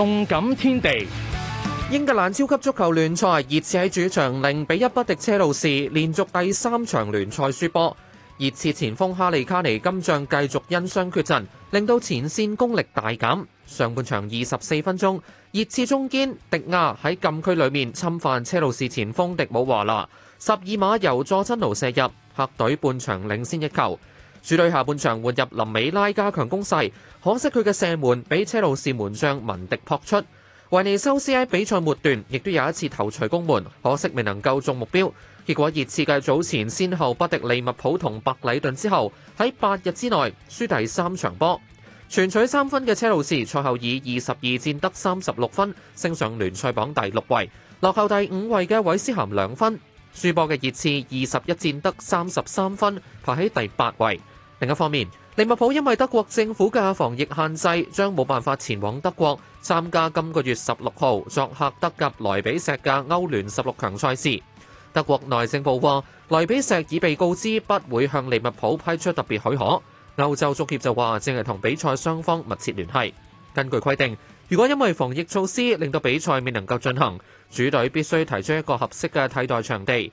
動感天地，英格蘭超級足球聯賽熱刺喺主場零比一不敵車路士，連續第三場聯賽輸波。熱刺前鋒哈利卡尼今仗繼續因傷缺陣，令到前線攻力大減。上半場二十四分鐘，熱刺中堅迪亞喺禁區裏面侵犯車路士前鋒迪姆華納，十二碼由佐真奴射入，客隊半場領先一球。主隊下半場換入林美拉加強攻勢，可惜佢嘅射門俾車路士門將文迪撲出。維尼修斯喺比賽末段亦都有一次頭槌攻門，可惜未能夠中目標。結果熱刺繼早前先後不敵利物浦同白禮頓之後，喺八日之內輸第三場波，全取三分嘅車路士賽後以二十二戰得三十六分，升上聯賽榜第六位，落後第五位嘅韋斯咸兩分。輸波嘅熱刺二十一戰得三十三分，排喺第八位。另一方面，利物浦因為德國政府嘅防疫限制，將冇辦法前往德國參加今個月十六號作客德甲萊比錫嘅歐聯十六強賽事。德國內政部話萊比錫已被告知不會向利物浦批出特別許可。歐洲足協就話正係同比賽雙方密切聯繫，根據規定，如果因為防疫措施令到比賽未能夠進行，主隊必須提出一個合適嘅替代場地。